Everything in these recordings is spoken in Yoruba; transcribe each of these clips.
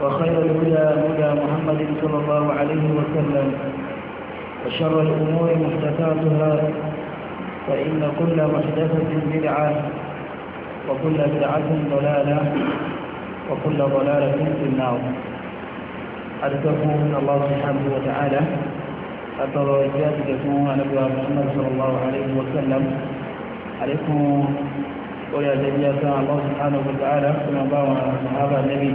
وخير الهدى هدى محمد صلى الله عليه وسلم وشر الأمور محدثاتها فإن كل محدثة بدعة وكل بدعة ضلالة وكل ضلالة في النار من الله سبحانه وتعالى أترى جاتكم نبي محمد صلى الله عليه وسلم عليكم ويا جميع الله سبحانه وتعالى كما باوى صحابة النبي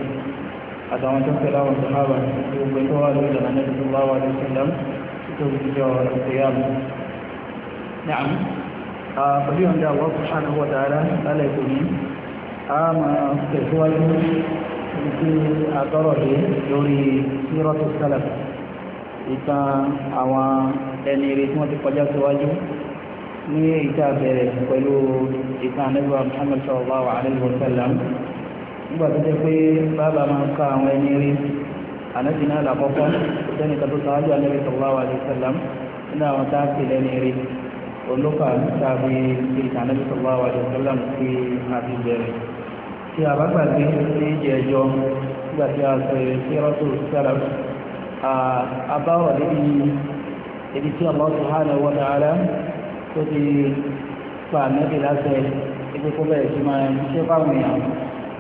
àtàwọn tó ń tẹ̀lé àwọn sàhábà tó gbé tó wà lórí ìlànà nàbí sallallahu alaihi wasallam tó fi jọ ìyàmù. Nàám, pẹ̀lú ọ̀dà àwọn subhanahu wa ta'ala lálẹ́ ìkò ní, a máa tẹ̀síwájú ìdí àtọ́rọ̀ lé lórí sírọ́tù sálà ìtàn àwọn ẹni eré tí ti kọjá síwájú ní ìta bẹ̀rẹ̀ pẹ̀lú ìtàn ànábì Muhammad sallallahu alaihi nígbà tó jẹ́ pé bàbá máa ń ká àwọn ẹni rí ànábì náà làkọ́kọ́ sẹ́ni kàtó sáájú ànábì sallallahu alaihi wasallam nínú àwọn tá a pè lẹ́ni rí olóka tàbí ìtàn ànábì sallallahu alaihi wasallam sí àti bẹ̀rẹ̀ tí a bá gbàgbé ní ìjẹ́jọ́ nígbà tí a sọ èrè sí ọ̀rọ̀ tó sára àbáwọ̀ níbi ibi tí Allah subhanahu wa ta'ala tó ti pa ànábì láṣẹ ibi kó bẹ̀rẹ̀ sí máa ṣe fáwọn èèyàn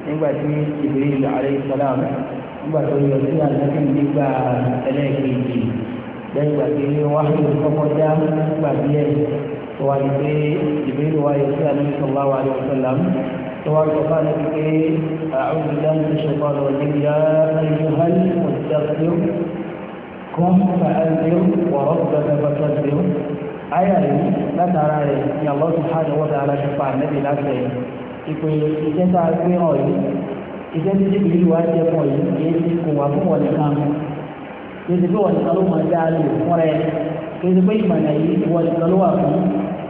nígbà tí Jibril alayhi salam nígbà tó yọ sí àlàkì nígbà ẹlẹ́ẹ̀kejì lẹ́yìn ìgbà tí wáhìn kọ́kọ́ dá nígbà díẹ̀ tó wà ní pé Jibril wá yọ sí àlàkì sallallahu alayhi wa sallam tó wá sọ fún àlàkì pé àwọn ìdáhùn tó ṣe kọ́ lọ nígbà ayélujára mọ̀tẹ́kùn kún fàáńdéw wọ̀rọ̀ gbẹgbẹgbẹgbẹgbẹ ayà rẹ̀ látara rẹ̀ ni ìpè iṣẹ́ tá a gbé hàn yìí iṣẹ́ tí jìbìlì wá jẹ fún yìí kìí ṣe kò wá fún wọn nìkan kìí ṣe pé wọn nìkan ló máa dá lò fún rẹ kìí ṣe pé ìmọ̀nà yìí wọn nìkan ló wà fún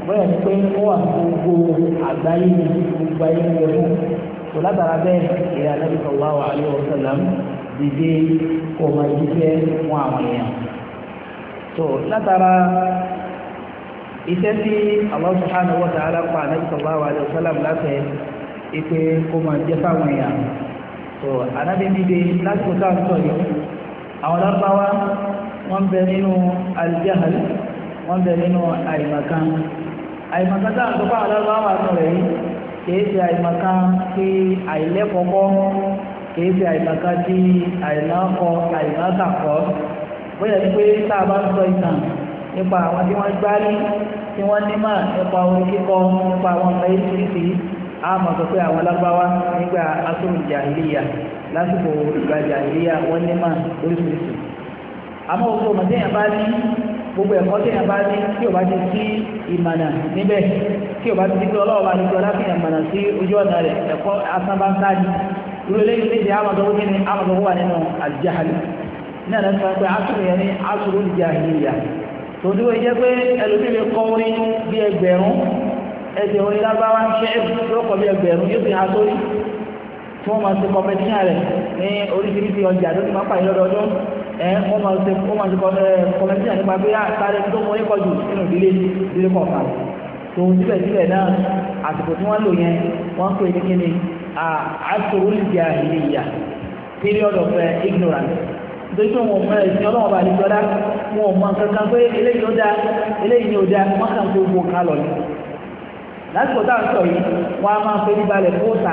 bóyá ni pé ó wà fún gbogbo àgbáyé ni gbogbo ayé ń yẹ fún kò látara bẹ́ẹ̀ ìyá anábì sallallahu alaihi wasallam dìde kò máa jíṣẹ́ fún àwọn èèyàn tó látara iṣẹ́ tí Allah subhanahu wa ta'ala pa Ànábì sallallahu alaihi wasallam láti ipe kó máa jẹ́ fáwọn èèyàn tó Ànábì níbi lásìkò tá à ń sọ yìí àwọn lábáwá wọ́n bẹ nínú aljahal wọ́n bẹ nínú àìmọ̀kan àìmọ̀kan tá à ń sọ fáwọn lábáwá nù rẹ̀ yìí kìí ṣe àìmọ̀kan tí àìlẹ́kọ̀ọ́kọ́ kìí ṣe àìmọ̀kan tí àìlọ́kọ̀ àìmọ̀kàkọ́ bóyá pé tá a bá ń sọ ìtàn nípa àwọn tí wọ́n gbárí tí wọ́n nímọ̀ nípa orí kíkọ nípa àwọn ọmọ ìsìnkú àmọ́ sọ pé àwọn lágbáwá nígbà asúrù lásìkò wọ́n àmọ́ ọmọ téèyàn bá gbogbo ẹ̀kọ́ téèyàn bá o bá ti sí níbẹ̀ tí o bá ti di pé ọlọ́wọ́ bá ní sí ojú ọ̀nà tòdú wo jẹ́ pé ẹlòmíì lè kọ orin bí ẹgbẹ̀rún ẹsẹ̀ orin lágbára ṣe é yóò kọ bí ẹgbẹ̀rún yóò fi hàn sórí tí wọ́n máa ṣe kọmpẹtíṣàn rẹ̀ ní oríṣiríṣi ọjà tó ti máa pàdé lọ́dọọdún ẹ wọ́n máa ṣe wọ́n máa ṣe kọmpẹtíṣàn nípa pé ah, sáré tó mọ orin kọjú nínú ìdílé ìdílé kọ̀ọ̀kan tó síbẹ̀síbẹ̀ náà àsìkò tí wọ́n lò yẹn wọ́n pè ní kíni àṣòwò ìjà ìlú ìyà period of eh, ignorance. nítorí pé wọn ò mọ ẹ̀sìn ọlọ́wọ́n bá àdìgbò dá wọn ò mọ kankan pé eléyìí ló dá eléyìí ni ò wọn kàn fún gbogbo kan lọ ni sọ yìí wọn a máa fẹ́ẹ́ balẹ̀ fún òòsà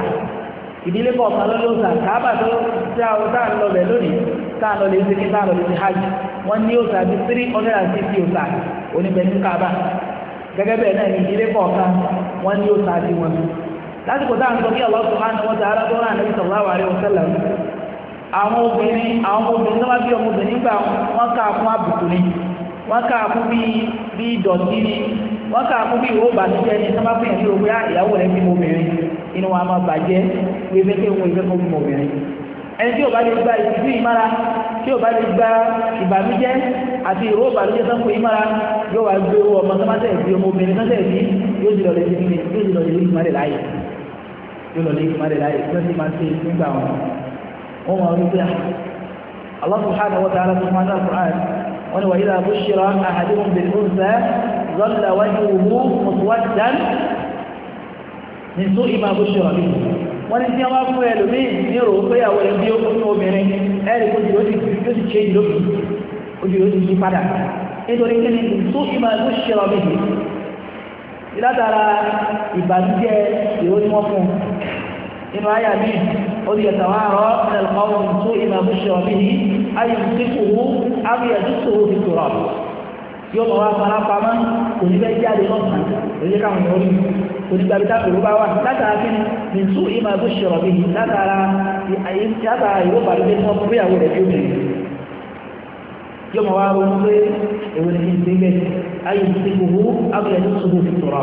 ìdílé lọ́dún òòsà káàbà tó táà ń lọ bẹ̀ lónìí táà ń lọ lè ṣe kí táà ń lọ lè ṣe hajj ní òòsà bíi three hundred and fifty òòsà káàbà gẹ́gẹ́ bẹ́ẹ̀ náà ìdílé àwọn obìnrin àwọn obìnrin tó bá bí ọmọbìnrin gbà wọ́n ká fún àbùkù ni wọ́n ká fún bí bí dọ̀tí ni wọ́n ká fún bí ìwé ìbànújẹ́ ni tó bá fi hàn sí ogun ìyàwó rẹ̀ bí obìnrin inú wa máa bàjẹ́ wíwé pé òun ìfẹ́ fún bí obìnrin ẹni tí ò bá lè gba ìtìjú ìmára tí ò bá lè gba ìbànújẹ́ àti ìró ìbànújẹ́ tó ń ìmára yóò wá gbé owó ọmọ tó tẹ̀ bí ọmọbìnrin tó tẹ̀ bí yóò jùlọ lọ lè ti wọ́n máa rí bíà Allah subhanahu wa ta'ala tó máa ń dáhùn ààrẹ wọ́n ni wàyí làbú ṣíra àhàdéhùn bèrè wọ́n ni ya fún ẹlòmíì ní rò pé àwọn ẹni ó kún obìnrin ẹ̀rì kó jùlọ ti ṣe yí padà nítorí kí ni tó ìmọ̀ bí ìbànújẹ́ wọ́n fún inú míì قد يتوارى من القوم سوء ما بشر به أن يمسكه أو يدسه في التراب yóò mọ̀ wá fara pamọ́ kò ní bẹ́ẹ̀ jáde lọ́sàn kò ní káwọn yòó rí kò ní gbàgbé tábìlì bá wà látara kí ni nìtú ìmọ̀ àbú ṣọ̀rọ̀ bí látara látara ìwé balùwẹ̀ tó fún ìyàwó rẹ̀ yóò bẹ̀rẹ̀ yóò mọ̀ wá ronú pé èwo ni kí n ti gbẹ̀ ayé ti gbogbo abúlé tó sọ̀rọ̀ fi tọ̀rọ̀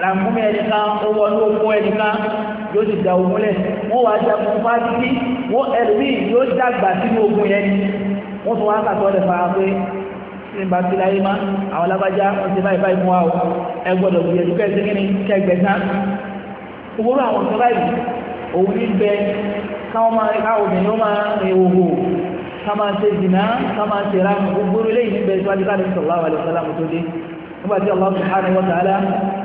làǹkúmí ẹnìkan owó ọdún oko ẹnìkan yóò ti da ogun lẹ̀ wọ́n wá jẹ fún fásitì wọ́n ẹlòmíì yóò dàgbà sínú ogun yẹn wọ́n tún wá kàtọ́ rẹ̀ fara pé ní bá ti láyé má àwọn alábàjá wọ́n ti báyìí báyìí fún wa o ẹ gbọ́dọ̀ gbìyànjú kẹ́ ẹ ṣe kí ni kẹ́ ẹ gbẹ̀sán owó àwọn ọ̀sán báyìí òun ní bẹ káwọn máa káwọn obìnrin ó máa rìn òwò kama ṣe jìnnà kama ṣe ra gbogbo eléyìí ní bẹ síwájú káàdé sallallahu alaihi wasallam tó dé nígbà tí Allah subhanahu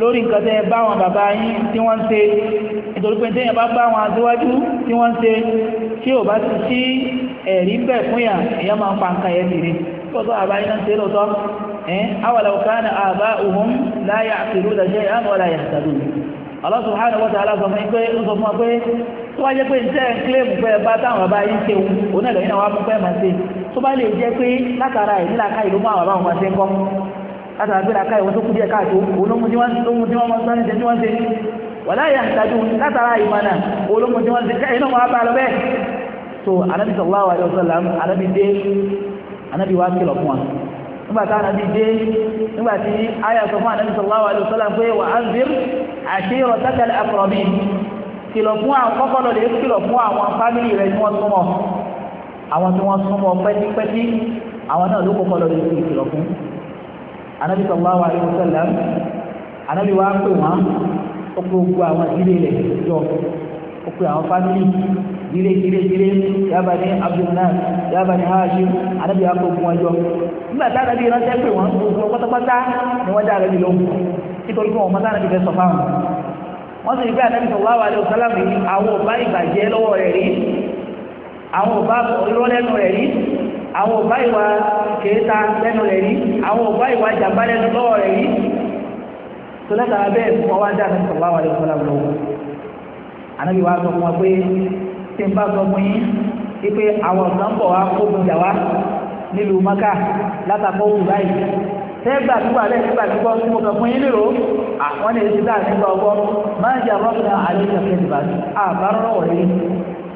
lórí nǹkan tẹ́ bá wọn bàbá yín tí wọ́n ń ṣe nítorí pé tẹ́yìn bá bá wọn aṣíwájú tí wọ́n ń ṣe tí ò bá ti sí ẹ̀rí bẹ̀ fún yà èèyàn máa ń pa nǹkan yẹn nìyí lọ́tọ́ àbá yín náà ń ṣe lọ́tọ́ ẹ̀ awàlẹ̀ òkàánà àbá òhun láyà àpèrú dàjẹ́ àmọ́ láyà àtàdù Allah subhanahu wa ta'ala sọ fún pé ó àwọn amúpẹ́ láti àgbẹ̀ àká ìwọ́n tó kú díẹ̀ káàtó olóhun tí wọ́n mọ sọ́ni ṣe tí wọ́n ṣe wàlá ìyá ìtajú látara ìmọ̀nà olóhun tí wọ́n ṣe kẹ́ iná wọn bá lọ bẹ́ẹ̀ so anabi sallallahu alaihi wasallam anabi dé anabi wa kìlọ̀ fún wa nígbà tá anabi dé nígbà tí aya sọ fún anabi sallallahu alaihi kìlọ̀ fún àwọn kọ́kọ́ lè kìlọ̀ fún àwọn fámìlì rẹ̀ tí wọ́n súnmọ́ àwọn tí àwọn náà ló kọ́kọ́ lè kìlọ̀ fún anabi sallallahu alayhi wa sallam anabi wa pè wọn ó pè gbogbo àwọn ìdílé rẹ̀ jọ ó pè àwọn fámìlì ìdílé ìdílé ìdílé yaba ní abdulnas yaba ní haji. anabi wa pè gbogbo wọn jọ nígbà tí anabi ránṣẹ́ pè wọn gbogbo pátápátá ni wọ́n dá anabi lóhùn nítorí pé wọn mọ́tà anabi fẹ́ sọ fáwọn wọ́n sì gbé anabi sallallahu alayhi wa sallam yìí àwọn ò bá ìbàjẹ́ lọ́wọ́ rẹ̀ rí àwọn ò bá ìrọ́lẹ́nu rẹ̀ rí àwọn ò bá ìwà kèéta lẹ́nu rẹ̀ rí àwọn ò bá ìwà jàmbá lẹ́nu lọ́wọ́ rẹ̀ rí tó látara bẹ́ẹ̀ wọ́n wá dá àtàkùn bá wà lè fọlá lọ́wọ́ ànábi wa sọ fún wa pé tí n bá sọ fún yín wípé àwọn ọ̀sán bọ̀ wá kó bu jà wá nílùú maka látàkọ́ wù báyìí tẹ́gbà túbà lẹ́yìn nígbà tí wọ́n mú kan fún yín lérò àwọn lè ṣe dáa nígbà ọgbọ́ máa ń jà rọ́ọ̀kì náà àlejò kẹ́sìbà àbárọ̀ wọ̀nyí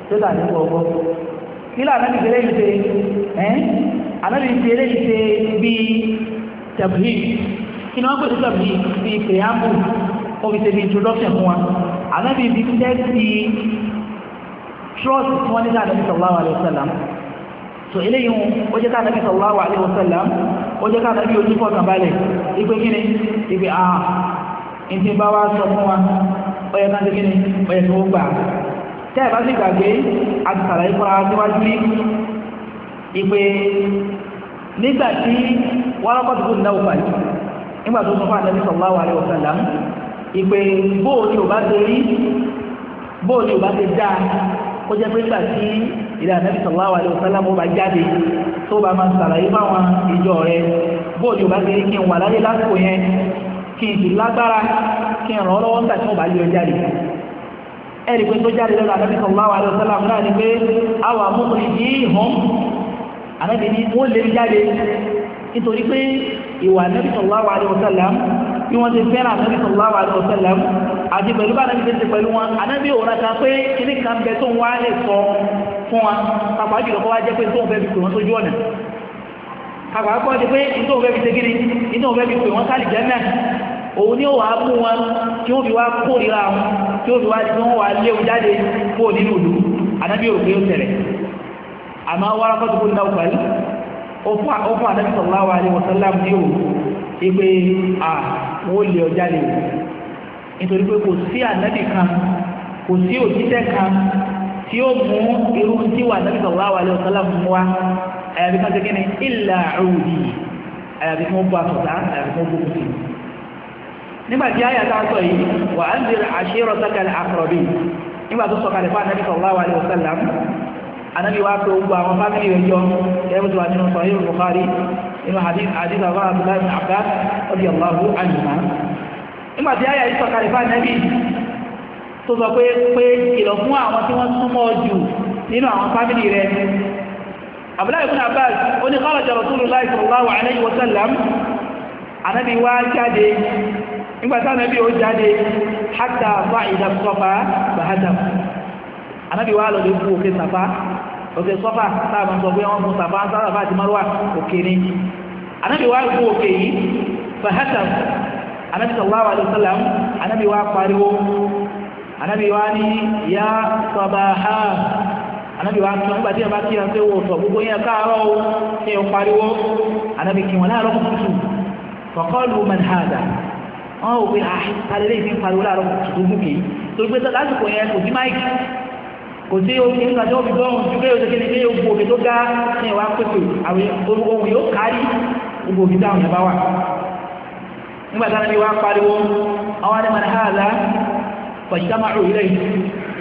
tó dà nígbà ọgbọ́ kílá anábì fi eléyìí ṣe ẹ́n anábì fi eléyìí ṣe bí tẹ̀bùlì kí ni wọ́n pè sí tẹ̀bùlì bí pèámù ó fi introduction fún wa bi fi tẹ́sí trust fún wọn nígbà anábì sallallahu alaihi wasallam so eléyìí wọn ó jẹ́ ká anábì sallallahu alaihi wasallam ó jẹ́ ká anábì onífọ̀kàn balẹ̀ ìpè kíni ìpè àà ah, ìtì bá wa sọ fún wa ó yẹ ká ṣe kíni ó yẹ kí wọ́n gbà á tẹ́ ẹ̀ bá sì gbàgbé àti sàlàyé fúnra níwájú rí ìpè nígbà tí wọ́n rọ́pọ̀ tó kún náà wà yìí nígbà tó sọ fún àtẹ́bí sọ̀lá wà lẹ́wọ̀ sàlá ìpè bóò ni ò bá ṣe rí bóò ni ò bá ṣe dáa ó jẹ́ pé nígbà tí ilé àtẹ́bí sọ̀lá wà lẹ́wọ̀ sàlá mo bá jáde tó bá máa sàlàyé fáwọn ìjọ rẹ bóò bá ṣe rí kí n wà láyé lásìkò yẹn kí n sì lágbára kí n ràn lọ́wọ́ nígbà tí mo bá lé jáde ẹ̀rí pé tó jáde lọ́dọ̀ ànábì sallallahu alaihi wasallam náà ni pé àwọn amúkùnrin yìí hàn ànábì ni wọ́n lè jáde nítorí pé ìwà ànábì sallallahu alaihi wasallam bí wọ́n ti fẹ́ràn ànábì sallallahu alaihi wasallam àti pẹ̀lú bá ànábì tẹ̀sí pẹ̀lú wọn ànábì òun náà ta pé kíní kan bẹ tó ń wá lè sọ fún wa pàpà jùlọ kó wá jẹ́ pé tó ń fẹ́ fi pè wọ́n sójú ọ̀nà pàpà kó wá tí ó fi wá tí wọ́n wá léwu jáde kó nínú ìlú anábì òrùkú yóò tẹ̀lẹ̀ àmọ́ Waraqah ibn Nawfal ó fún anábì sallallahu alaihi wasallam ní òru ipe à wọ́n lé ọ jáde nítorí pé kò sí anábì kan kò sí òjíṣẹ́ kan tí ó mú irú tí wà anábì sallallahu alaihi wasallam mú wa àyàbí kan ṣe kí ni ìlà òòdì àyàbí kan bọ́ àtọ̀tà àyàbí kan bọ́ kùtì nígbàtí ayé àtàtọ̀ yìí wà á ń bèrè àṣírò sákàlẹ̀ àkọ̀rọ̀bì nígbà tó sọ̀kalẹ̀ fún anábì sallallahu alaihi wasallam anábì wa pé gbogbo àwọn fámìlì rẹ̀ jọ ẹ̀rọ tó wà nínú sọ̀rọ̀ yìí Bukhari nínú hadith àwọn abdullahi bin Abbas radiyallahu anhuma nígbàtí ayé àyè sọ̀kalẹ̀ fún anábì tó sọ pé pé ìlọ̀ fún àwọn tí wọ́n súnmọ́ jù nínú àwọn fámìlì rẹ̀ abdullahi bin Abbas ó ní kharaja rasulullahi sallallahu alaihi wasallam anábì wa jáde nígbàtá anabi ó jáde hata fa ìdá sọfà bàhátà anabi wa lọ lè kú òkè sàfà òkè sọfà sáàmù sọ pé wọn mú sàfà sáàfà àti márùwà òkè ni anabi wa kú òkè yìí bàhátà anabi sallallahu alayhi wa sallam anabi wa pariwo anabi wa ni ya sọbàhà anabi wa kí wọn nígbà tí wọn bá kí wọn pé sọ gbogbo yẹn káàárọ̀ o ṣé o pariwo anabi kí wọn láàárọ̀ kùtù fọkọlù man wọ́n wò pé àtàlẹ́ ah, lè fi ń pariwo láàárọ̀ tuntun mú mi torí pé lásìkò yẹn kò sí máìkì kò sí omi nígbà tí wọ́n fi gbọ́n ju pé oṣù kìíní pé gbogbo òkè tó ga ní ìwà pépè àwọn ohun yóò kárí gbogbo òkè yẹn bá wà nígbà táwọn ẹni wá pariwo àwọn ẹni mọ̀nà hàlá pàṣípàmà òwú rẹ̀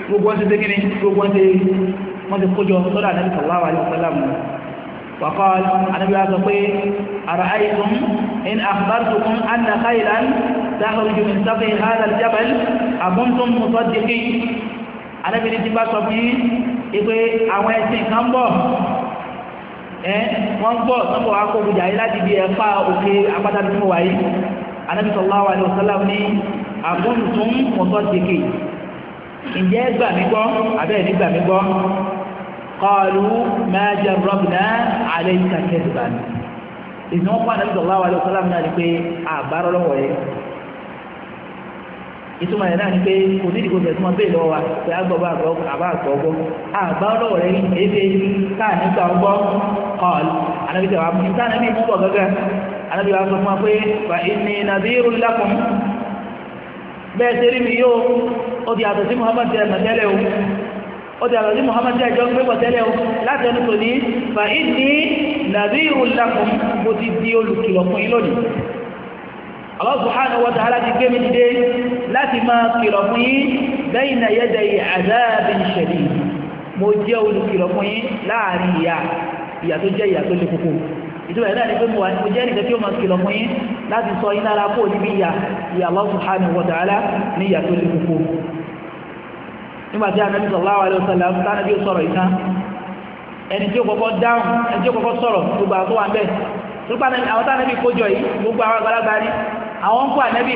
gbogbo wọn ti dé kìíní gbogbo wọn ti kójọ lọ́dọ̀ àdáni sọ̀rọ̀ àwọn àlẹ́ فقال النبي عليه الصلاة أرأيتم إن أخبرتكم أن خيلا تخرج من سطح هذا الجبل أكنتم مصدقين النبي ní ti bá sọ fún yín ipe àwọn ẹṣin kan bọ̀ ẹ wọ́n ń bọ̀ sọ́kọ̀ akókòjà yìí láti bí ẹ̀fà òkè apáta tó mọ̀ wáyé Ànábì sallallahu alaihi wasallam ní أكنتم مصدقين ǹjẹ́ gbà mí gbọ́ àbẹ́ẹ̀ ní قالوا ما جربنا عليك كذبا إذن وقع النبي صلى الله عليه وسلم náà ni pé àbárọ̀ lọ́wọ́ yẹ ìtumọ̀ yẹn náà ni pé kò ní ìdìbò tẹ̀síwọ́n bẹ́ẹ̀ lọ́wọ́ wa pé agbọ̀bọ̀ àgbọ̀ àbá àgbọ̀ ọgbọ́ àbárọ̀ lọ́wọ́ rẹ̀ èdè káà nígbà ọgbọ́ kọ́ọ̀lù anábì tẹ̀wá mú níta anábì mú bọ̀ gángan anábì wa sọ fún wa pé fa inni nàbírù lakum bẹ́ẹ̀ sẹ́rí mi yóò ó di àtọ̀sí Muhammad tẹ̀lé o ó ti àlọ́dí muhammadu ẹjọ́ ń gbé pọ̀ tẹ́lẹ̀ o láti ọdún tòní fa inni nadhirul lakum mo ti di olùkìlọ̀ fún yín lónìí Allah subhanahu wa ta'ala ti gbé mi dìde láti máa kìlọ̀ fún yín bayna yaday adhabin shadid mo jẹ́ olùkìlọ̀ fún yín láàrin ìyá ìyà tó jẹ́ ìyà tó nígbà tí anabi sallallahu alaihi wasallam tánàbí ó sọ̀rọ̀ ìtàn ẹni tí ó kọ́kọ́ dáhùn ẹni tí ó kọ́kọ́ sọ̀rọ̀ gbogbo àwọn tó wà ń bẹ̀ nípa àwọn tánàbí kójọ yìí gbogbo àwọn àgbàlagbà ni àwọn ń kó anabi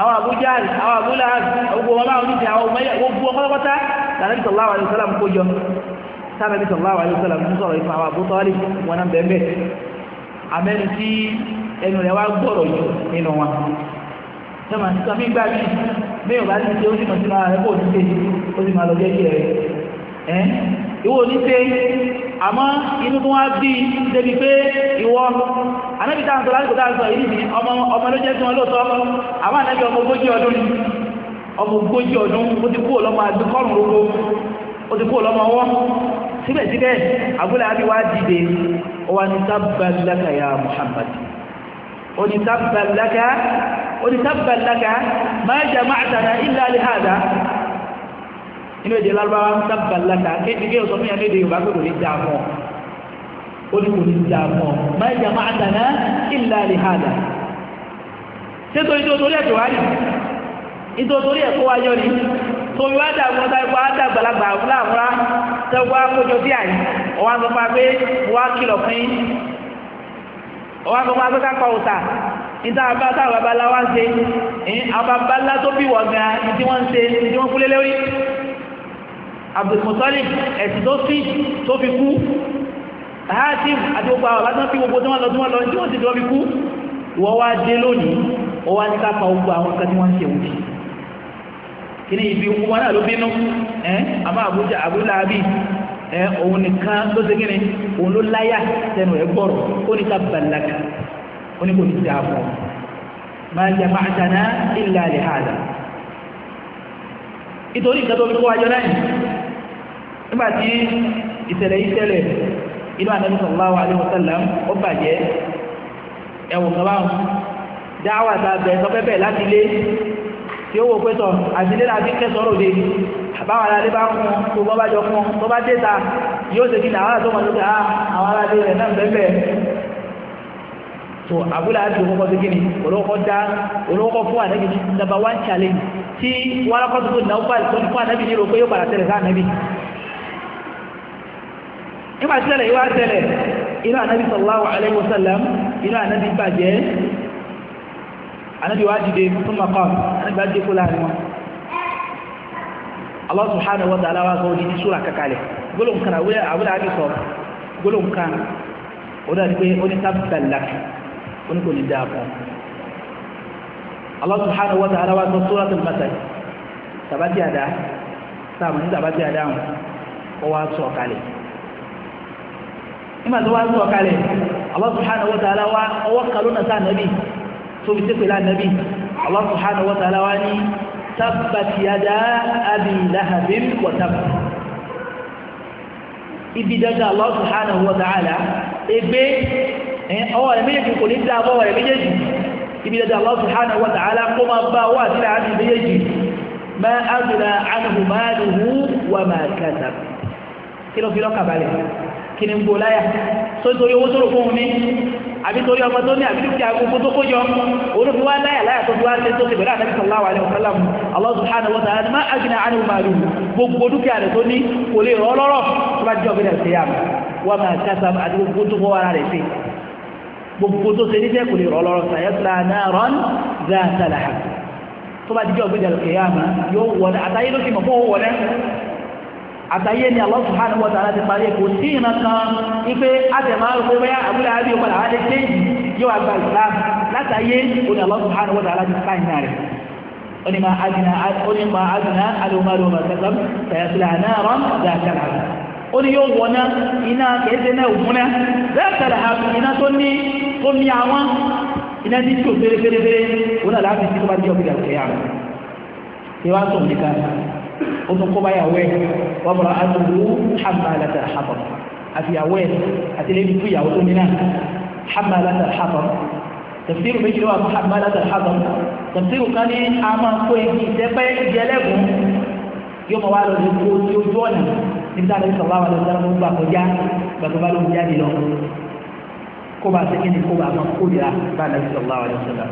àwọn abuja àwọn abúlé gbogbo wọn báwọn oníṣẹ́ àwọn ọmọdé gbogbo ọkọlọpọta tánàbí sallallahu alaihi wasallam kójọ tánàbí sallallahu alaihi wasallam ń sọ̀rọ̀ ìfà àwọn àbútọ́lì wọn náà bẹ̀ bẹ̀ àmẹ́ni tí ẹnu rẹ̀ wá bẹ́ẹ̀ bá ti ṣe ó sì mọ̀ sí máa rẹ̀ kò ní ṣe ó sì máa lọ jẹ́ kí rẹ̀ ẹ́ ìwọ ní ṣe àmọ́ inú tó wá bí débi pé ìwọ anábì táwọn tó lásìkò táwọn sọ yìí ní ọmọ ọmọ ló jẹ́ sí wọn lóòótọ́ àmọ́ anábì ọmọ ogójì ọdún ni ọmọ ogójì ọdún ó ti kúrò lọ́mọ àdúkọ́rùn gbogbo ó ti kúrò lọ́mọ ọwọ́ síbẹ̀síbẹ̀ àbúlé àbí wá dìde ó wá ní sábàlákà ya Muhammad ó ní sábàlákà onítàbà laka máa jẹ máa tàbí ilẹ̀ alihada inú èdè lárúbáwá ń tàbà laka kéèké ọ̀sọ́ fún yàrá èdè yorùbá gbọdọ̀ ní dáa mọ́ ó ní kò ní dáa mọ́ máa jẹ máa tàbí ilẹ̀ alihada ṣé torí tó torí ẹ̀tọ́ wá ní nítorí ẹ̀kọ́ wáyọ́ ni torí wá dàgbọ́ dàgbọ́ fúláfúlá tẹ́wọ́ akójọ bí àyè ọ̀wá sọ fún wa pé wọ́n á kìlọ̀ fún yín ọ̀wá sọ fún wa pé ká kọ òòtà níta abáta wa wá ṣe ababalá tó bí wọ̀ gan ní tí wọ́n ń ṣe ní tí wọ́n kú lé lórí abdulmutalib ẹ̀sìn tó fi tó fi kú haati àti gbogbo àwọn alágbọ́n fi gbogbo tí wọ́n lọ tí wọ́n lọ tí wọ́n ti dọ́ fi kú ìwọ́ wá dé lónìí ó wá ní pa gbogbo àwọn kan tí wọ́n ń ṣe òun kí ibi wọn náà ló bínú ẹ àmọ́ àbújá àbúlá ẹ òun nìkan ló ṣe ni òun ló láyà tẹnu ẹ gbọ́rọ̀ ó ní ká balaka ó ní kò ní sí àbọ̀ máa jẹ máa jàná ilẹ̀ àlè àdà nítorí ìkẹ́ tó fi kó wájọ náà nígbà tí ìṣẹ̀lẹ̀ yìí ṣẹlẹ̀ inú Ànábì sallallahu alaihi wasallam ó bàjẹ́ ẹ̀wọ̀n kan báwọn dáwà tá a bẹ̀ sọpẹ́pẹ́ láti lé tí ó wò pé tọ̀ àtìlé láti kẹsọ̀rọ̀ òde àbáwọn aláàlé bá kún tó bọ́ bá jọ kún tó bá dé ta yóò ṣe kí ní àwọn àtọ́mọ̀ so abúlé àti òkòkò tó kíni olókòkò dá olókòkò fún ànábì nàbà wá ń challenge tí wárakọ́ tó tó náà bá tó fún ànábì ní ìròkó yóò padà tẹ̀lé sá ànábì nígbà tí tẹ̀lé yóò wá tẹ̀lé inú ànábì sallallahu alayhi wa sallam inú ànábì bàjẹ́ ànábì wá dìde fún makam ànábì wá dìde kó láàrin wọn Allah subhanahu wa ta'ala wa sọ ní sura kakalẹ̀ gbólóhùn kan àwúlẹ̀ àbí sọ gbólóhùn kan ó dàbí pé ó ní sábà làkì òní kò ní dáa fún un. Allah subhanahu wa ta'ala wa sọ suratul Masad tàbátì àdá sáàmù ní tàbátì àdá hàn ó wá sọ kalẹ̀. nígbà tó wá sọ kalẹ̀ Allah subhanahu wa ta'ala wa ọwọ́ kaló na sáà nàbì tóbi tẹ́pẹ́ lá nàbì subhanahu wa ta'ala wa ní tabbati yada abi lahabin wa tabba ibi dandan Allah subhanahu wa ta'ala ebe Eh, ọwọ́ rẹ̀ méjèèjì kò ní dá ọwọ́ rẹ̀ méjèèjì ibi dáadáa Allah subhanahu wa ta'ala kó máa bá wà sílẹ̀ àmì méjèèjì ma aghna anhu maluhu wa ma kasab kí ló fi lọ́kà balẹ̀ kí ni ń bo láyà tó torí owó tó rò fún un ní àbí torí ọmọ tó ní àbí tó kí agogo tó kó jọ olùfi wá láyà láyà tó fi wá lé tó ti bẹ̀rẹ̀ àti sallallahu alaihi wasallam Allah subhanahu wa ta'ala ma aghna anhu maluhu gbogbo dúkìá rẹ̀ tó ní kò lè rọ́ lọ́rọ̀ tó bá jẹ́ ọ̀gbẹ́dẹ̀ sí yàrá wa ma kasab àti tó kọ́ wà rẹ̀ sí gbogbo tó ṣe níṣẹ́ kò lè rọ lọ́rọ̀ sayasla naran zata lahab tó bá dijọ́ gbé jàlùkẹ́ yá ma yóò wọlé àtàyé ló ti mọ̀ fún wọlé àtàyé ni Allah subhanahu wa ta'ala ti parí kò sí ìran kan wípé àtẹ̀mọ́ àrùkọ́ bẹ́yà àbúlé àbí òpàdà wà lè tẹ́yì yóò àgbà Islam látàyé ó ní Allah subhanahu wa ti parí náà rẹ̀ ó ní ma adìnà alùmọ́lùmọ́ sẹ́sọ́m sayasla naran zata lahab ó ní yóò wọná iná kẹsẹ̀ náà òmúná lẹ́ẹ̀kẹ̀rẹ̀ àbí iná tó ní tó ní àwọn iná tí tó fèrèfèrèfèrè ó náà láti sí tó bá jẹ́ òkúta kẹyà ṣe wá tó nìkan ó tún kó báyàwó ẹ̀ wọ́n bọ̀rọ̀ àtúntò hàmbá látà àpọ̀ àti ìyàwó ẹ̀ àti lẹ́yìn fún ìyàwó tó ní náà hàmbá látà àpọ̀ méjì ló wà fún hàmbá látà àpọ̀ kan ní a máa kó igi ìtẹ́pẹ́ ìjẹlẹ́gùn yóò máa wá lọ sí ojú ọ̀nà níbi táwọn ẹ̀sọ́ wàhálà ló dáná gbogbo àkọjá gbàgbọ́ bá ló ń jáde lọ kó bá sẹ́kẹ́ ni kó bá mọ kó dira bá nàbí sọ̀rọ̀ àwọn ẹ̀sọ́ lọ.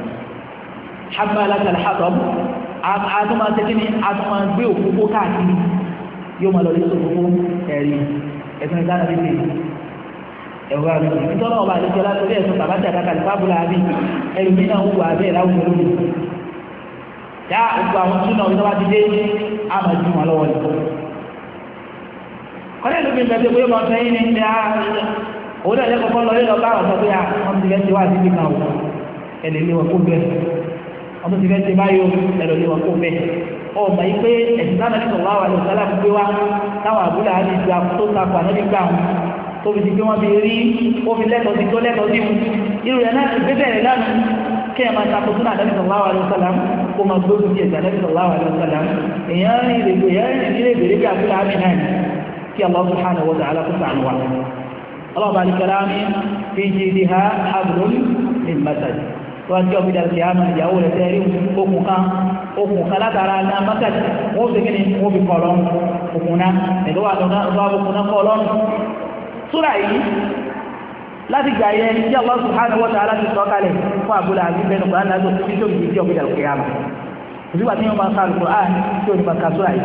hàmà alákàlà hàtọ́ àtúmọ̀ sẹ́kẹ́ ni àtúmọ̀ gbé òkúkú káàkiri yóò máa lọ sí òkúkú ẹ̀rí ẹ̀sìn ìdáná bí tèmi ẹ̀wọ́ àbí nítorí ọba àdéjọ látọ̀rí ẹ̀sùn tàbátì náà ń ti dé àmàjú wọn lọ́wọ́ nìkan ọ̀rẹ́ ìlú mi bẹ̀rẹ̀ pé lọ sẹ́yìn ní ilẹ̀ ààrẹ òun náà lẹ́kọ̀ọ́ lọ lẹ́lọ bá ọ̀sán pé àwọn ah, ti fẹ́ ti wá sí ibi kan òun ẹ̀lẹ́ ní wọn kó bẹ́ẹ̀ ọdún ti fẹ́ ti báyò ẹ̀lẹ́ ní wọn kó bẹ́ẹ̀ ọmọ yìí pé ẹ̀sìn náà ti sọ̀rọ̀ àwọn ọ̀sán láti gbé wá táwọn àbúlé àti ìgbà tó takọ̀ àná nígbà wọn tóbi ti gbé wọn fi rí omi lẹ́tọ̀ọ́ sí tó lẹ́tọ̀ọ́ sí mu irú rẹ̀ náà ti gbé bẹ̀rẹ̀ lánàá kí ẹ máa takò súnà àdáni sọ̀rọ̀ àwọn àlùsọ̀là kó máa gbógun sí ẹ̀sìn àdáni sọ̀rọ̀ àwọn àlùsọ̀là èèyàn rìn ìrègbè èèyàn rìn ìrègbè lébí kí Allah subhanahu wa ta'ala kó sànù wa Allah bá nìkẹ́lá ní fi jìdìhá hablum min masad wọ́n jọ bí dàbí àmà ìyàwó rẹ̀ tẹ́rí okùn kan okùn kan látara náà mọ́tàdì wọ́n fi kíni wọ́n fi kọ̀ lọ́nù okùn náà ẹ̀dọ́ wà lọ́nà ọ̀dọ́ okùn náà kọ̀ lọ́nù. súrà yìí láti gbà yẹ kí Allah subhanahu wa ta'ala ti sọ fún àbúlà àbí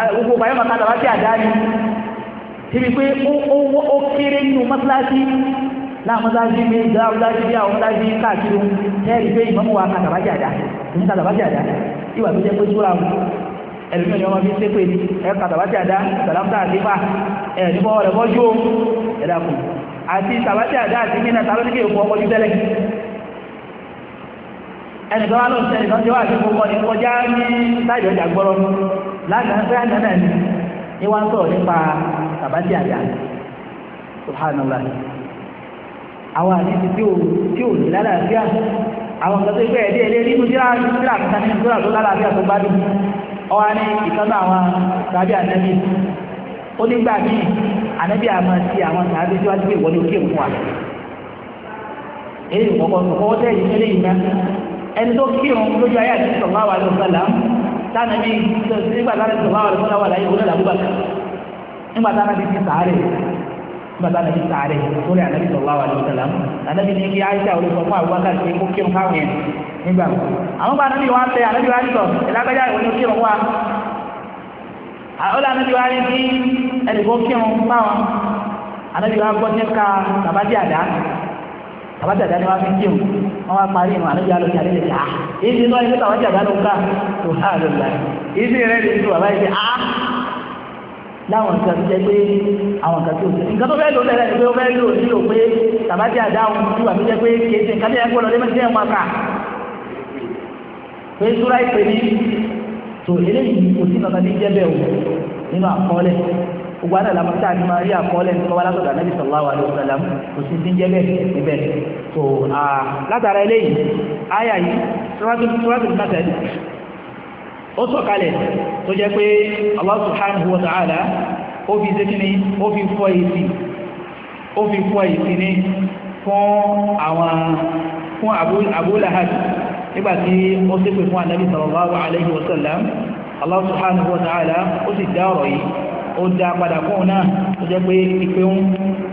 gbogbo bàyọ̀ bàtà bàbá tí àdá ni síbi pé ó kéré nínú mọ́sálásí láàmúlájí bí láàmúlájí bí àwọn mọ́sálásí káàkiri tẹ́rì pé ìmọ̀mú wa kàtàbá tí àdá ní kàtàbá tí àdá ìwà tó jẹ́ pé súra ẹ̀lùmí ni wọ́n fi ṣépè ẹ kàtàbá tí àdá sàlámùtà àdífà ẹ̀ nípa ọ̀rẹ́ bọ́jú ẹ̀dá kù àti tàbátì àdá àti nínú tàbátì èkó ọkọ̀ ju tẹ́lẹ̀ ẹnìkan wà lóṣù ẹnìkan jẹ́ wà lánàá pé àná náà ni ní wá ń sọ̀rọ̀ nípa tàbátì àyà subhanallah àwọn àdìsí tí ò tí ò ní lálàáfíà àwọn nǹkan tó gbé ẹ̀dí ẹ̀dí ẹ̀dí inú síra síra kíta ní síra tó lálàáfíà tó bá dùn ọwọ́ ní ìtọ́nà àwọn tàbí ànábì ó nígbà míì ànábì àmọ́ ti àwọn tàbí tí wọ́n ti gbé ìwọ́n ní òkè òkun wa èyí kọ̀ọ̀kan kọ̀ọ̀kan tẹ́ ìdílé ìná ẹni tó kírun lójú ayé àti sọ̀rọ̀ àwọn àlọ́ tánàbí nígbà tánàbí sọ̀rọ̀ àwọn ọ̀rẹ́sọ̀rọ̀ wà láyé òun làbúgbà kan nígbà tánàbí ti sàárẹ̀ nígbà tánàbí sàárẹ̀ sórí ànábì sọ̀rọ̀ àwọn ọ̀rẹ́sọ̀rọ̀ ànábì ní kí Aisha òun sọ fún àwọn wákàtí kó kí n fáwọn yẹn nígbà àwọn bá ànábì wọn tẹ ànábì wọn sọ ìlágbájá ìwọ ni ó kírun wa àwọn ànábì wọn ní ẹnì kó kírun fáwọn ànábì wọn gbọ́ àbájáde ni wọ́n fi ń kí òun wọ́n wá parí ìrìn àlejò alóòjì àlejò ṣá ìdí náà ìdí tàwọn jàdá ló ń ká tó há ló ń ìdí rẹ̀ lè ju àbá ìdí á láwọn nǹkan tó jẹ pé àwọn nǹkan tó jẹ nǹkan tó fẹ́ lò lẹ́rẹ́ ni pé ó fẹ́ lò pé jẹ pé kéde nǹkan tó yẹ kó lọ ẹ̀ máa kà pé ìpè ní tò eléyìí kò sí bẹ́ẹ̀ o gbogbo àná làwọn tá a ti máa rí àkọọ́lẹ̀ nípa wà látọ̀dọ̀ anábì sallallahu alaihi wasallam kò sí ti ń jẹ́ bẹ́ẹ̀ níbẹ̀ tó látara eléyìí àyà yìí tíwájú mẹ́tẹ̀ ó sọ̀kalẹ̀ tó jẹ́ pé Allah subhanahu wa ta'ala ó fi ṣe kíni ó fi fọ èsì ó fi fọ èsì ní fún àwọn fún Abu Lahab nígbà tí ó ṣépè fún anábì sallallahu alaihi wasallam Allah subhanahu wa ta'ala ó sì dá ọ̀rọ̀ yìí ó dá padà fóun náà tó jẹ́ pé ìpé ń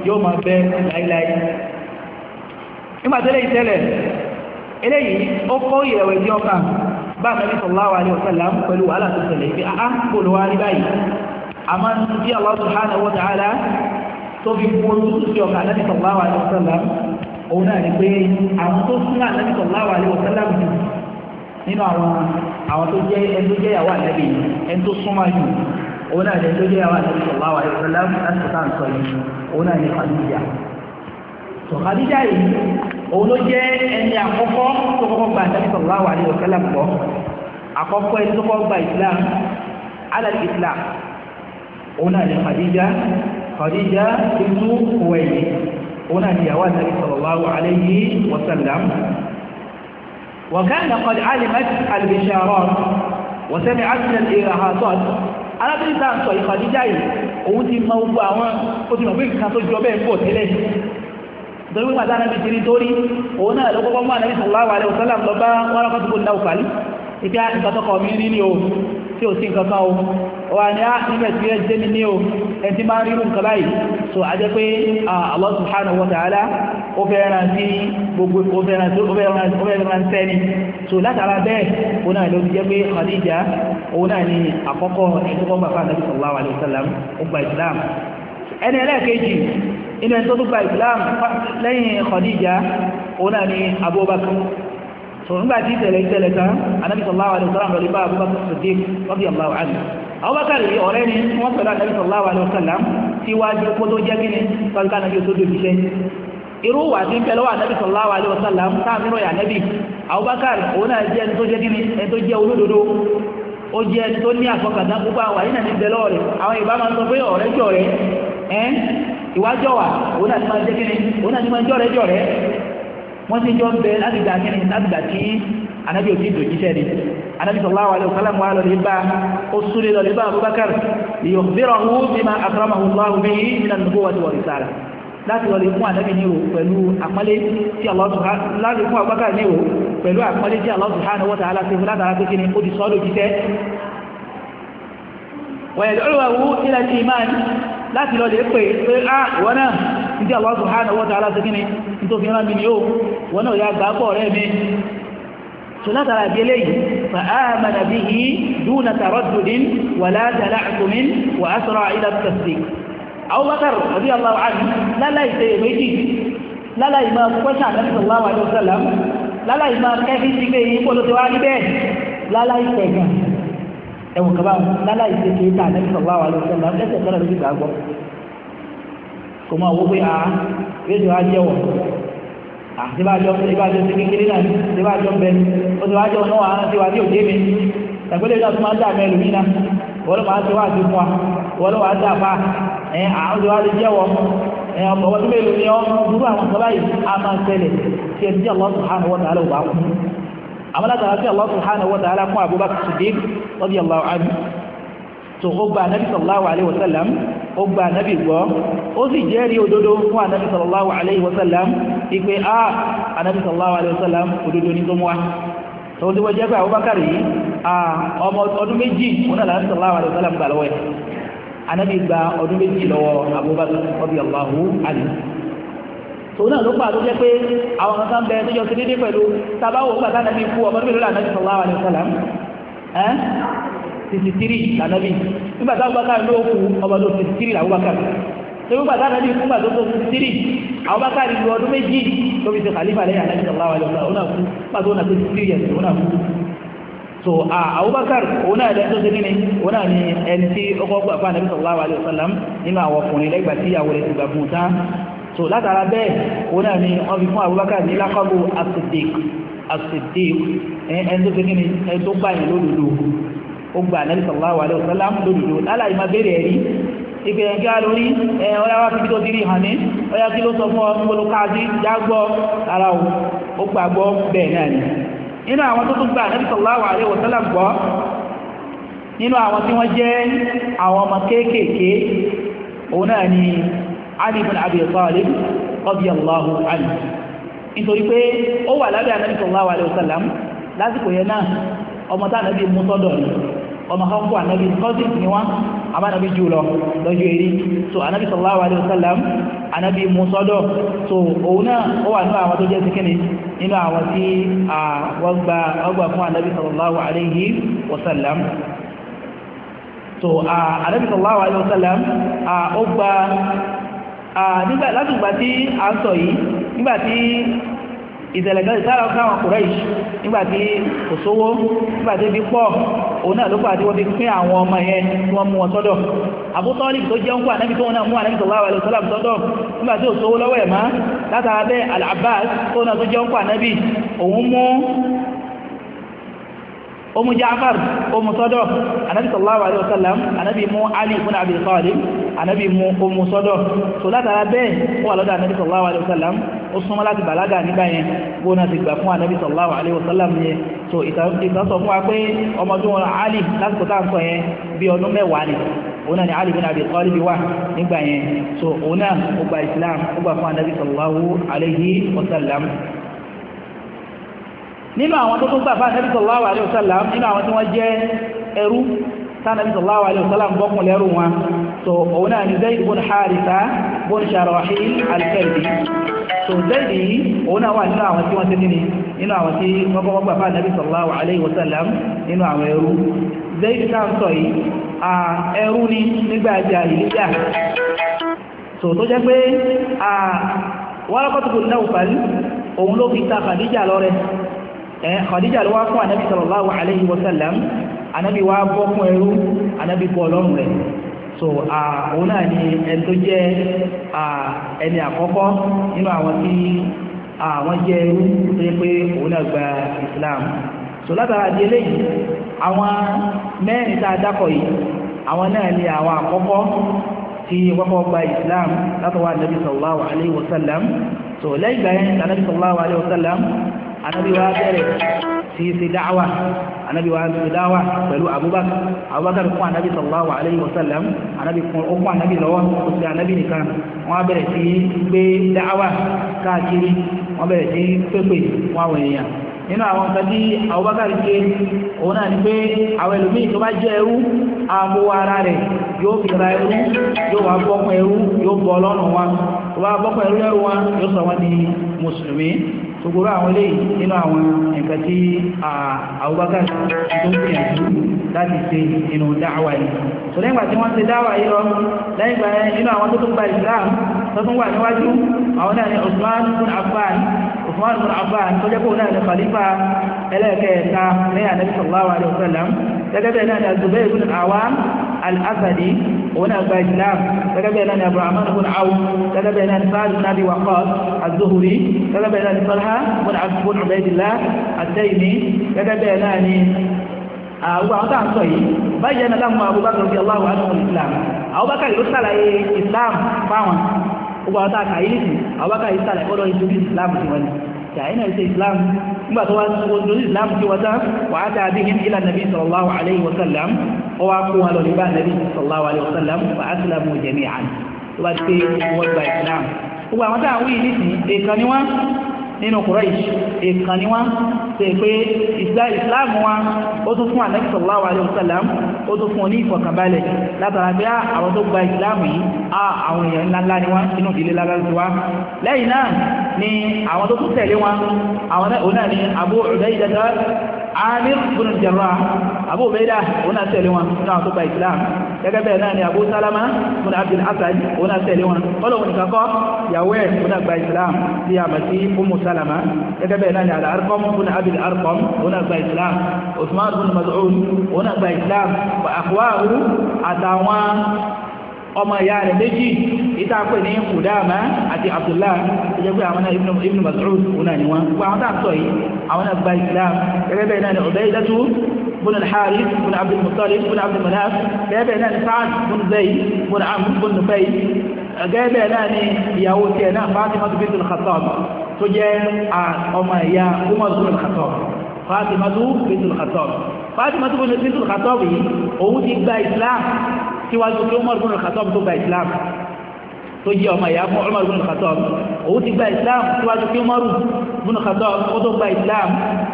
yóò máa bẹ láíláí nígbà tó lè tẹ́lẹ̀ eléyìí ó kọ́ ìrẹ̀wẹ̀sì ọkàn bá nàbí sallallahu alaihi wasallam pẹ̀lú wàhálà tó tẹ̀lẹ̀ ibi àá kò ló rí báyìí àmọ́ bí Allah subhanahu wa ta'ala tó fi kú ojú sí ọkàn nàbí sallallahu alaihi wasallam òun náà ni pé àwọn tó súnmọ́ ànábì sallallahu alaihi wasallam jù nínú àwọn àwọn tó jẹ́ ẹni tó jẹ́ ìyàwó ànábì ẹni tó súnmọ́ jù òun náà lè lójú àwọn àti ìṣọ̀lá wa ìṣọ̀lá láti ká ń sọ yìí òun náà ní Khadija tó Khadija yìí òun ló jẹ́ ẹni àkọ́kọ́ tó kọ́kọ́ gba àti ìṣọ̀lá wa ní òkèlè pọ̀ àkọ́kọ́ ẹni tó kọ́kọ́ gba Islam alal Islam òun náà ní Khadija Khadija ibnu Khuwaylid òun náà ní ìyàwó àti ìṣọ̀lá wa alayhi wa sallam وكان قد علمت البشارات وسمعت الإيهاصات arábìnrin tá à ń sọ ìfàdíjà yìí òun ti mọ gbogbo àwọn ó ti mọ̀ pé nǹkan tó jọ bẹ́ẹ̀ ń bọ̀ tẹ́lẹ̀ nítorí pé pàtàkì ànábì ti rí torí òun náà ló kọ́kọ́ mú ànábì sallallahu alaihi wasallam lọ bá wọn lọ́kọ́ tó kó ń dá ìgbà ìgbà tó kọ̀ mí rí ni o tí ò sí nǹkan kan o wà ní á ah, níbẹ̀ tí ó jẹ́ mi ní o ẹni tí máa ń nǹkan báyìí so a jẹ́ pé Allah subhanahu wa ta'ala ó fẹ́ ran sí gbogbo ó sẹ́ni so látara bẹ́ẹ̀ òun náà ló ti jẹ́ pé Khadija òun náà ni àkọ́kọ́ ẹni tó gbà fún Ànábì sallallahu alaihi wasallam ó Islam ẹni ẹlẹ́ẹ̀kejì inú ẹni tó Islam lẹ́yìn Khadija òun náà ni Abubakar tòun gbà tí tẹ̀lé tẹ̀lé kan anabi sallallahu alayhi wa sallam lọ́lẹ́ bá abubakar siddiq radiyallahu anhu abubakar yìí ọ̀rẹ́ ni wọ́n sọ̀rọ̀ anabi sallallahu alayhi wa sallam síwájú kó tó jẹ́ kíni kọ́ńtà anabi tó dòbí iṣẹ́ irú wà tí ń pẹ̀lú wà nabi sallallahu alayhi wa sallam táàmìnú ya òun náà jẹ́ ẹni tó jẹ́ kíni ẹni ẹni tó jẹ́ wọ́n ti jọ ń bẹ láti gbà kí ni láti gbà kí anabi òfin dòjì sẹ́ni anabi sallallahu alaihi wasallam wa lọ lè bá ó súnlé lọ lè bá abubakar liyukhbirahu bima akramahu Allahu bihi min an-nubuwwati wa risalah láti lọ lè fún anabi ní o pẹ̀lú àpọ́nlé tí Allah láti fún abubakar ní o pẹ̀lú àpọ́nlé tí Allah subhanahu wa ta'ala aláṣẹ látara pé kí ni ó ti sọ́ọ́ wẹ̀yẹ̀dọ́rọ̀wọ̀ ilẹ̀ ti imáni láti lọ lè pè pé á ah, wọ́n náà ìdí Allah subhanahu wa ta'ala sí kíni tó fi rán mi ni ó wọ́n náà ya gbàgbọ́ rẹ̀ mi tó látara bí eléyìí fa amana bihi duna sí pé yìí níbẹ̀ láláì ẹ̀wọ̀n kaba láláì ṣe kí ta ní sọ̀rọ̀ àwọn àlọ́ sẹ́lá ẹ̀sẹ̀ kọ́lá ló ti gbà gbọ́ kò mọ àwọn pé a ah, yóò ti wá jẹ́wọ̀ àti ah, ìbájọ́ sí kékeré náà ti ìbájọ́ bẹ ó ti wájọ́ náà wà á ti wà ní òde mi ìtàgbélé náà tó máa ń dà mẹ́lù mí náà wọ́n ló máa ń ti wá àti fún wa wọ́n ló máa ń dà fún ẹ̀ eh, àwọn ti wá ti jẹ́wọ̀ ẹ̀ eh, ọmọ ọdún mélòó ni ọ́ burú àwọn kaba á máa ń tẹ̀lé tí ẹ àmọ́látàrà tí Allah subhanahu wa ta'ala fún Abubakar Siddiq radiyallahu anhu tó ó gba anabi sallallahu alayhi wa sallam ó gba anabi gbọ́ ó sì jẹ́rìí òdodo fún anabi sallallahu alayhi wa sallam ìpè a ọdún méjì lọ́wọ́ ẹ̀ anabi gba ọdún tòun náà ló pa àlọ́ jẹ́ pé àwọn ọmọ sáà ń bẹ tó jọ sí dédé pẹ̀lú tabawo nígbà tá nàbí kú ọmọ mélòó lànà sallallahu alaihi wasallam ẹ́ sixty three lànàbí nígbà tá Abubakar ló kú ọmọ tó sixty three làbúbakar tẹ̀wé gbàtà nàbí kú gbàtà tó sixty three Abubakar lu ọdún méjì tó fi ṣe khalifa lẹ́yìn ànàbí sallallahu alaihi wasallam ọ̀nà kú gbàtà ọ̀nà sixty so Abubakar òun náà lẹ́yìn tó ṣe kíni òun náà ni ẹni tí ó kọ́ gbà fún ànàbí sallallahu alaihi wasallam so látara bẹ́ẹ̀ òun náà ni wọ́n fi fún Abubakar ní lákọ́bù As-Siddiq as ẹni tó kékeré ẹni tó gbà yẹn lódodo ó gbà Ànábì sallallahu alaihi wasallam lódodo láláì máa béèrè ẹ̀rí ìpè ẹ̀ ń gá lórí ẹ̀ ọ̀yá wá fi tó diri hàn ní ọ̀yá kí ló sọ fún ọ gbólókáàdì jágbọ́ ara ò ó gbàgbọ́ bẹ́ẹ̀ náà ni nínú àwọn tó tún gbà Ànábì sallallahu alaihi wasallam gbọ́ nínú àwọn tí wọ́n jẹ́ àwọn ọmọ kéékèèké òun náà ni Ali ibn Abi Talib radiyallahu anhu nítorí pé ó wà lábẹ́ Ànábì sallallahu alaihi wasallam lásìkò yẹn náà ọmọ tá Ànábì mú sọ́dọ̀ ni ọmọ kan kó Ànábì cousins ni wọ́n àmọ́ Ànábì jù lọ lọ́jọ́ eré so Ànábì sallallahu alaihi wasallam Ànábì mú sọ́dọ̀ so òun náà ó wà nínú àwọn tó jẹ́ síkínni nínú àwọn tí wọ́n gba ọgbà fún Ànábì sallallahu alaihi so Ànábì sallallahu alaihi wasallam ó gba nígbà látùgbà tí a ń sọ yìí nígbà tí ìṣẹ̀lẹ̀ kan sára káwọn kùrẹ́ìṣì nígbà tí kò sówó nígbà tí bí pọ̀ òun náà ló pàá tí wọ́n fi pín àwọn ọmọ yẹn tí wọ́n mú wọn sọ́dọ̀ àbútọ́lì tó jẹun kó ànábì tó wọn náà mú ànábì sallallahu alaihi wasallam sọ́dọ̀ nígbà tí ò sówó lọ́wọ́ ẹ̀ má látara bẹ́ẹ̀ Al-Abbas tó náà tó jẹun kó ànábì òun mú ó mú jaafar ó mú sọ́dọ̀ anabi sallallahu alayhi wa sallam anabi mú ali ibn abi talib anabi mú ó mú sọ́dọ̀ so látara bẹ́ẹ̀ ó wà lọ́dọ̀ anabi sallallahu alayhi wa sallam ó súnmọ́ láti bàlágà nígbà yẹn gbóná ti gbà fún anabi sallallahu alayhi wa sallam yẹn so ìtàn sọ fún wa pé ọmọdún ali lásìkò tá à ń sọ yẹn bí ọdún mẹ́wàá ni òun ni Ali bin Abi Talib wà nígbà yẹn so òun náà ó gba Islam ó gbà fún anabi sallallahu alayhi wa nínú àwọn tó tún gbàgbà nẹ́bí sallallahu alaihi wasallam nínú àwọn tí wọ́n jẹ́ ẹrú tánàbí sallallahu alaihi wasallam bọ́kùn lẹ́rù wọn so òun náà ni zaid bin haritha bin sharahil al-kalbi zaid òun náà wà nínú àwọn tí wọ́n ti nínú nínú àwọn tí wọ́n kọ́kọ́ nẹ́bí sallallahu alaihi nínú àwọn ẹrú zaid tá sọ yìí à ẹrú ni nígbà jàhílíyà so tó jẹ́ pé à Waraqatu bin Nawfal ẹ eh, Khadija ló wá fún anabi sallallahu alayhi wa sallam anabi wá bọ́ fún ẹrú anabi bọ́ lọ́rùn rẹ̀ so òun náà ni ẹni tó jẹ́ ẹni àkọ́kọ́ nínú àwọn tí àwọn jẹ́ ẹrú tó yẹ pé òun náà gba Islam so látara di eléyìí àwọn mẹ́rin tá a dákọ̀ yìí àwọn náà ni àwọn àkọ́kọ́ tí wọ́pọ̀ gba Islam látọwọ́ anabi sallallahu alayhi wa sallam so lẹ́yìn ìgbà yẹn anabi sallallahu alayhi wa sallam anabi wa bẹ̀rẹ̀ sí ṣe dáwà anabi wa ṣe dáwà pẹ̀lú abubakar abubakar kún anabi sallallahu alayhi wa sallam anabi kún ó kún anabi lọ́wọ́ ó sì anabi nìkan wọ́n bẹ̀rẹ̀ sí gbé dáwà káàkiri wọ́n bẹ̀rẹ̀ sí pépè wọn àwọn èèyàn nínú àwọn nǹkan tí abubakar ṣe òun náà ni pé àwọn ẹlòmíì tó bá jẹ́ ẹrú ààbò ara rẹ̀ yóò fi ra ẹrú yóò wá bọ́kùn ẹrú yóò bọ́ ọlọ́run wọn tó bá bọ́kùn ẹrú ẹrú wọn yóò sọ wọn di mùsùlùmí ṣògbóró àwọn eléyìí nínú àwọn nǹkan tí Abubakar tó ń gbìyànjú láti ṣe nínú dáwà yìí tó lẹ́yìn ìgbà tí wọ́n ṣe dáwà yìí lọ lẹ́yìn ìgbà yẹn nínú àwọn tó tún gba Islam tó tún wà níwájú àwọn náà ni osman bin Affan Usman bin Affan tó jẹ́ kó náà ni khalifa ẹlẹ́ẹ̀kẹta lẹ́yìn Ànábì sallallahu alaihi wasallam gẹ́gẹ́ bẹ́ẹ̀ náà ni Zubair bin Awam al azadi òun náà gba islam gẹ́gẹ́ bẹ́ẹ̀ náà ni abdulrahman ibn awu gẹ́gẹ́ bẹ́ẹ̀ náà ni saad ibn abi waqas az-zuhri gẹ́gẹ́ bẹ́ẹ̀ náà ni talha ibn abdul ubaydillah ad-daymi gẹ́gẹ́ bẹ́ẹ̀ náà ni àwọn àwọn táà ń sọ yìí báyìí ẹni aláwọ̀ abubakar bí aláwọ̀ aláwọ̀ islam abubakar ló sàlàyé islam fáwọn gbogbo àwọn táà kà yìí nìsín abubakar yìí sàlàyé ọlọ́ ìdúró islam tiwọn ni ṣàyẹnà ìṣe islam nígbà tó wá ojú islam tí wọ́n tán wàá tà bí i ilà nàbí sallallahu alayhi wa sallam ó wá kó wọn lọ nígbà nàbí sallallahu alayhi wa wà á sílẹ̀ mú tó bá ti wọ́n gba islam gbogbo àwọn táwọn wíyì nísìnyí èèkan ni wọ́n nínú Quraysh èèkàn ni wọ́n ṣe pé ìsìláàmù wọn ó tún fún Ànábì sallallahu alaihi wasallam ó tún fún ní ìfọ̀kànbalẹ̀ látara pé ah, àwọn tó gba ìsìláàmù yìí á ah, àwọn èèyàn ńláńlá ni wọ́n inú ìdílé lára wá lẹ́yìn náà ni àwọn tó tún tẹ̀lé wọn àwọn náà ní Abu Ubaida amir bin jarrah abu ubaida òun náà tẹ̀lé wọn nínú àwọn tó gba islam gẹ́gẹ́ bẹ́ẹ̀ náà ni abu salama bin abdul asad òun náà tẹ̀lé wọn ọlọ́run nìkan kọ́ yàwó ẹ̀ òun náà gba islam sí àmàtí umu salama gẹ́gẹ́ bẹ́ẹ̀ náà ni al-arqam bin abdul arqam òun náà gba islam usman bin maz'un òun náà gba islam wa akhwahu àtàwọn ọmọ ìyá rẹ̀ méjì tá a pè ní kùdáàmà àti abdullah tó jẹ́ pé àwọn náà ibn mas'ud òun náà ni wọ́n gbogbo àwọn tá a sọ yìí àwọn náà gba islam gẹ́gẹ́ bẹ́ẹ̀ náà ni ubaydatu بن الحارث بن عبد المطلب بن عبد المناف جابه هنا سعد بن زيد بن عمرو بن نفيل جابه هنا يهود هنا فاطمة بنت الخطاب تجي أما يا عمر بن الخطاب فاطمة بنت الخطاب فاطمة بنت الخطاب هو دي إسلام سوى عمر بن الخطاب تبقى إسلام tó jẹ́ ọmọ ìyá fún Umar ibn Khattab òun ti gba islam síwájú kí Umar ibn Khattab ó tó gba islam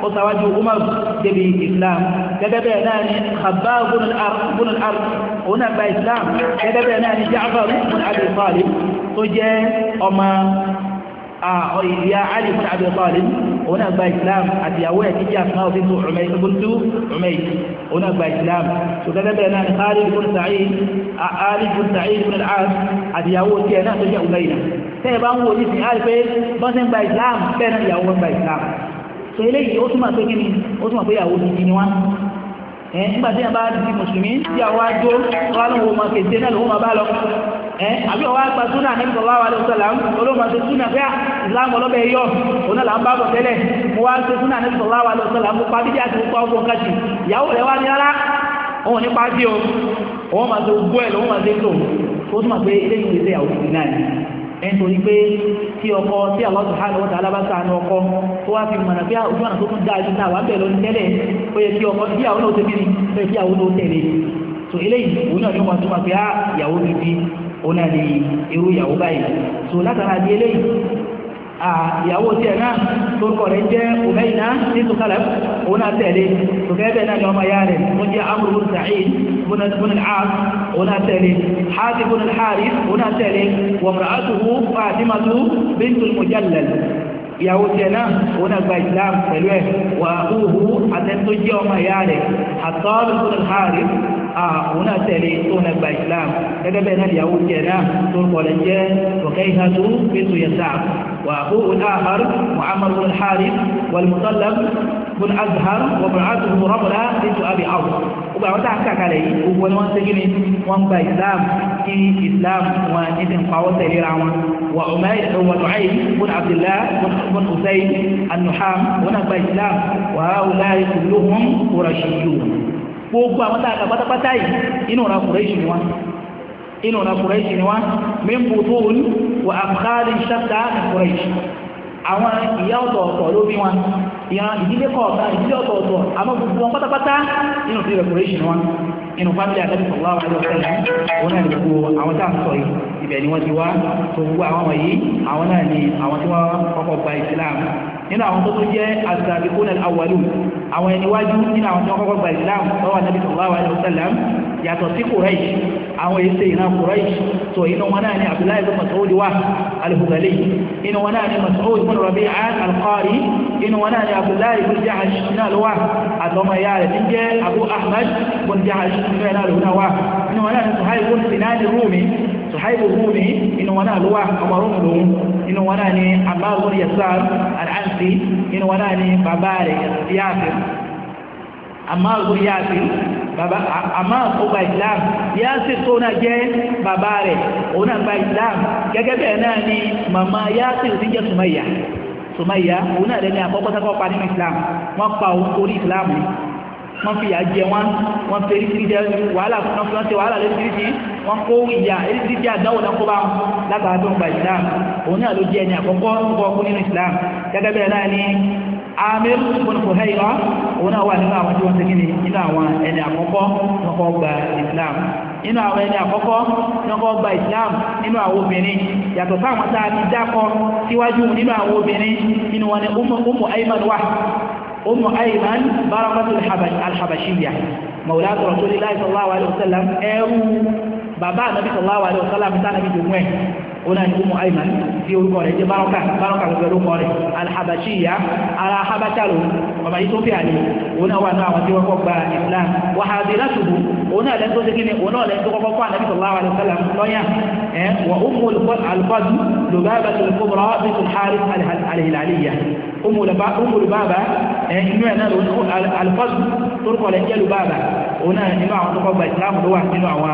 ó sáwájú Umar débi islam gẹ́gẹ́ bẹ́ẹ̀ náà ni Khabbab ibn al-Arat òun náà gba islam gẹ́gẹ́ bẹ́ẹ̀ náà ni Ja'far ibn Abi Talib tó jẹ́ ọmọ ìyá Ali ibn Abi òun náà gba islam àtìyàwó ẹ̀ jíjà fún àwọn fífún ọ̀mẹ́ ìfúntú ọ̀mẹ́ yìí òun náà gba islam ṣùgbọ́n bẹ́ẹ̀ náà ni Khalid ibn Sa'id Khalid ibn Sa'id ibn al-As àtìyàwó tiẹ̀ náà tó jẹ́ Umayya tẹ́ ẹ bá ń wo ní sìn áì pé bọ́sẹ̀ ń gba islam bẹ́ẹ̀ náà ìyàwó ń gba islam so eléyìí ó túmọ̀ pé kí ni ó túmọ̀ pé ìyàwó ti di ni wọ́n ẹ̀ nígbà tí wọ́n bá di mùsùlùmí ìyàwó á jó wọ́n á lọ́wọ́ ọmọ kèsì náà lọ́wọ́ máa bá lọ ẹ àbí ọwọ́ àgbà súnà ní sallallahu alaihi wasallam olóòmà ṣe súnà pé ah, islam ọlọ́bẹ̀ yọ òun náà là ń bá bọ̀ tẹ́lẹ̀ mo wá ṣe súnà ní sallallahu alaihi wasallam mo pa bídí àti púpọ̀ ọgbọ̀n kájì ìyàwó rẹ̀ wá ní rárá òun nípa bí o òun máa ṣe gbọ́ ẹ̀ lòun máa ṣe lò ó túnmọ̀ pé ilé ìwé ṣe àwọn òbí náà ẹ̀ ń torí pé tí ọkọ tí Allah subhanahu wa ta'ala bá ṣàánú ọkọ tó wá fi mọ̀nà bí ah, ojú ọ̀nà tó tún dáa ju náà wà bẹ̀rẹ̀ lórí tẹ́lẹ̀ ó yẹ kí ọkọ tí àwọn náà ó ṣe kí àwọn náà ó tẹ̀lé eléyìí òun náà ni wọ́n tún máa fi á ah, ìyàwó mi òun náà ni irú ìyàwó báyìí tó látara di eléyìí ìyàwó tiẹ̀ náà tó kọ̀ rẹ̀ jẹ́ òmẹ́yìnà ní tòkàlẹ̀ òun náà tẹ̀lé tòkẹ́ bẹ́ẹ̀ náà ni ọmọ ya rẹ̀ tó jẹ́ amúrú sa'id bùnà al òun náà tẹ̀lé hàtì bùnà hàrí òun náà tẹ̀lé wọ̀mùrà àtúwú fàtímàtú bíntul mujallal ìyàwó tiẹ̀ náà òun náà gba islam pẹ̀lú ẹ̀ wà òun náà tẹ̀lé tó náà gba islam gẹ́gẹ́ bẹ́ẹ̀ náà ìyàwó jẹ náà tó ń kọ̀lẹ̀ jẹ́ ọ̀kẹ́ ìhàtú fẹ́tù yẹ̀sà wà ó al-ahar muhammad bin harith wal-mutallab bin azhar wà bin azhar bin rabra fẹ́tù abi awu gbogbo àwọn tá a kàkàlẹ̀ yìí gbogbo ni wọ́n ṣe gíní wọ́n gba islam kí islam wọn ní ti ń pawọ́ tẹ̀lé ra wọn wà umayr wà nu'aym bin abdullah bin usayd an wọn gba islam wà á wùlá ìlú hum qurashiyun gbogbo àwọn tá a kà pátápátá yìí inú ọ̀nà Quraish ni wọ́n inú ọ̀nà Quraish ni wọ́n mímú tó wọlé wà àbúkálì ṣáta ní Quraish àwọn ìyá ọ̀tọ̀ọ̀tọ̀ ló bí wọn ìyá ìdílé kọ̀ọ̀kan ìdílé ọ̀tọ̀ọ̀tọ̀ àmọ́ gbogbo wọn pátápátá inú ti rẹ̀ Quraish ni wọ́n inú fábílì àtẹ́bí sọ̀rọ̀ àwọn ẹgbẹ́ ọ̀sẹ̀ wọn náà ní gbogbo àwọn tá à ń sọ yìí ibẹ̀ ni wọ́n ti wá tó gbogbo àwọn wọ̀nyí àwọn náà ni àwọn tí wọ́n kọ́kọ́ gba ìsìlámù nínú àwọn tó tún jẹ́ àṣà àbíkúnlẹ̀ awàlú àwọn ẹni wájú nínú àwọn tí wọ́n kọ́kọ́ gba ìsìláàmù lọ́wọ́ anábì sallallahu alaihi wasallam yàtọ̀ sí kùrẹ́yì àwọn èsè ìran kùrẹ́yì tó inú wọn náà ni abdullahi bin masoud wa alhugale inú wọn náà ni masoud bin rabi'a alqari inú wọn náà ni abdullahi bin jahash náà lọ wa àtọmọ ya rẹ ti jẹ abu ahmad bin jahash náà lọ náà wa inú wọn náà ni suhaib bin sinan rumi suhaib rumi inú wọn náà lọ wa ọmọ inú wọn náà ni abbas yasar al inú wọn náà ni bàbá yasir Ammar ibn Yasir baba Ammar ó gba Islam Yasir tó náà jẹ́ bàbá rẹ̀ òun náà gba Islam gẹ́gẹ́ bẹ́ẹ̀ náà ni màmá Yasir ti jẹ́ Sumayya Sumayya òun náà lẹ́ni àkọ́kọ́ sákọ́ pa nínú Islam wọ́n pa òun orí Islam ni wọ́n fi yà jẹ wọn wọ́n fi eréṣiríṣi wàhálà wọ́n fi wọ́n ṣe wàhálà lóríṣiríṣi wọ́n kó ìyà eréṣiríṣi náà kó bá wọn látara tó ń gba Islam òun náà ló jẹ́ ẹni àkọ́kọ́ tó kọ́ kú nínú Islam gẹ́gẹ́ bẹ́ẹ̀ náà ni amir ibn buhaira òun náà wà nínú àwọn tí wọ́n ti kí ni nínú àwọn ẹni àkọ́kọ́ tí wọ́n kọ́ gba islam nínú àwọn ẹni àkọ́kọ́ tí wọ́n kọ́ gba islam nínú àwọn obìnrin yàtọ̀ sáwọn tá a ti dákọ síwájú nínú àwọn obìnrin nínú wọn ni umu umm ayman wà umu ayman barakatu alhabashiya maulatu rasulillahi sallallahu alaihi wasallam ẹrú bàbá anabi sallallahu alaihi wasallam tá a nàbí jòmú ẹ ona ni umu aiman tí orúkọ rẹ̀ jẹ́ baraka baraka gbogbo orúkọ rẹ̀ alhabashiya ara habashalu ọba ethiopia ni ona wà náà àwọn tí wọ́n kọ́ gba islam wàhálà tubu ona lẹ́nu tó segin ni ona lẹ́nu tó kọ́kọ́ kọ́ anabi sallallahu alayhi wa sallam lọ́yà ẹ̀ wà umu alifadu lubaba tulukubra bitu haris alihilaliya umu lubaba ẹ̀ inú ẹ̀ náà alifadu torúkọ rẹ̀ jẹ́ lubaba ona nínú àwọn tó kọ́ gba islam ló wà nínú àwọn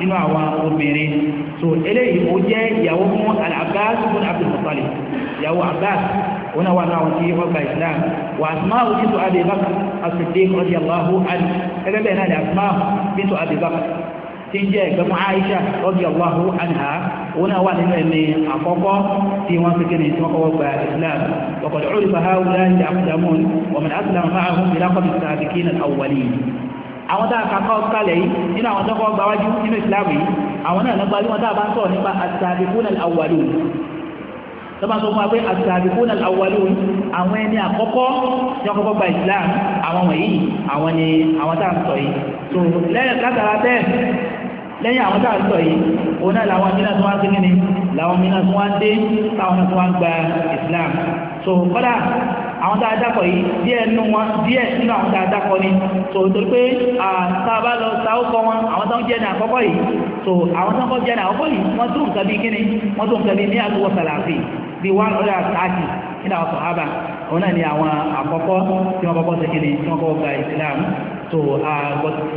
nínú àwọn obìnrin so eléyìí ó jẹ́ ìyàwó fún al-Abbas ibn Abdul Muttalib ìyàwó Abbas wọn wà náà ti wọn gba Islam wà Asma'u bintu Abi Bakr as-Siddiq radiyallahu anhu gẹ́gẹ́ náà ni Asma'u bintu Abi Bakr tí ń jẹ́ ẹ̀gbẹ́ fún Aisha radiyallahu anha wà nínú ẹ̀mí àkọ́kọ́ tí wọ́n fi kéde tí wọ́n kọ́kọ́ gba Islam wọ́n kọ́ àwọn tá a kà kọ́ kalẹ̀ yìí nínú àwọn tọ́kọ́ gbáwájú nínú ìsìláàmù yìí àwọn náà lọ́gbà bí wọ́n tá a bá ń sọ̀rọ̀ nípa àtàbíkúnà àwàlú tọ́ba sọ fún wa pé àtàbíkúnà àwàlú àwọn ẹni àkọ́kọ́ tí wọ́n gba ìsìláàmù àwọn wọ̀nyí àwọn ni àwọn tá a ń sọ yìí tó lẹ́yìn látara bẹ́ẹ̀ lẹ́yìn àwọn tá a ń sọ yìí òun náà làwọn mìíràn tó wá ń àwọn tá a dákọ̀ yìí díẹ̀ nínú wọn díẹ̀ nínú àwọn tá a dákọ̀ ni tó torí pé tá a bá lọ ta ó kọ́ wọn àwọn tó ń jẹ́ ní àkọ́kọ́ yìí tó àwọn tó ń kọ́ jẹ́ ní àkọ́kọ́ yìí wọ́n tún nǹkan bíi kíni wọ́n tún nǹkan bíi ní àtúwọ̀ sàlàfì bíi one hundred and thirty nínú àwọn sọ̀hábà òun náà ni àwọn àkọ́kọ́ tí wọ́n kọ́kọ́ ṣe kíni tí wọ́n kọ́kọ́ gba ìsìlámù tó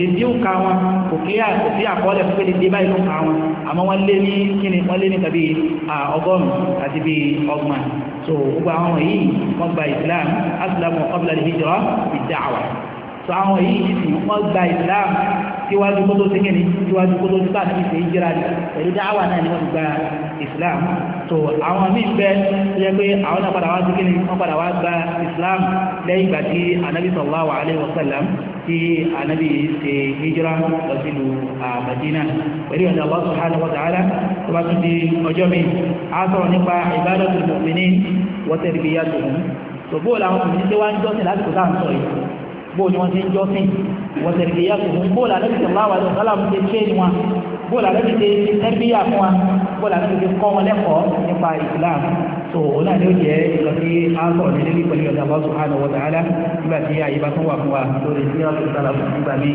èdè ń ka wọn kò kí àkọọ́lẹ̀ fún pélé dé báyìí ló ń ka wọn àmọ́ wọ́n lé ní kíni wọ́n lé ní tàbí ọgọ́rùn-ún àti bíi ọgbọ̀n so gbogbo àwọn yìí wọ́n gba islam aslamu qabla al-hijra bid-da'wa so àwọn yìí nísìnyí wọ́n gba islam tiwaju kótó sẹ́kẹ̀ni tiwaju kótó nípa àti ìṣe ìjìra rẹ̀ pẹ̀lú náà ni wọ́n gba islam so àwọn míì bẹ tó pé àwọn náà padà wá sẹ́kẹ̀ni wọ́n padà wá gba islam lẹ́yìn ìgbà anabi sallallahu alayhi wa tí anabi ṣe hijira lọ sílu àmàdínà pẹ̀lú ọ̀dọ̀ Allah subhanahu wa ta'ala tó bá tún di ọjọ́ mi a sọ̀rọ̀ nípa ibadatul mu'minin wa tarbiyatuhum tó bó làwọn mùmíní tí wọ́n ń jọ́sìn láti kó sáà ń sọ yìí bó ni wọ́n so òun náà ni ó jẹ́ ìlọ sí áńsọ̀ ní pẹ̀lú ọ̀dà Allah subhanahu wa ta'ala nígbà tí àyè bá tún wà fún wa lórí sí ọ̀sẹ̀ ìtàlá fún nígbà míì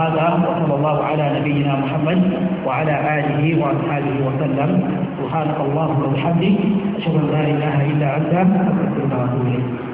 هذا وصلى الله على نبينا محمد وعلى آله وأصحابه وسلم سبحانك اللهم وبحمدك أشهد أن لا إله إلا أنت أستغفرك وأتوب إليك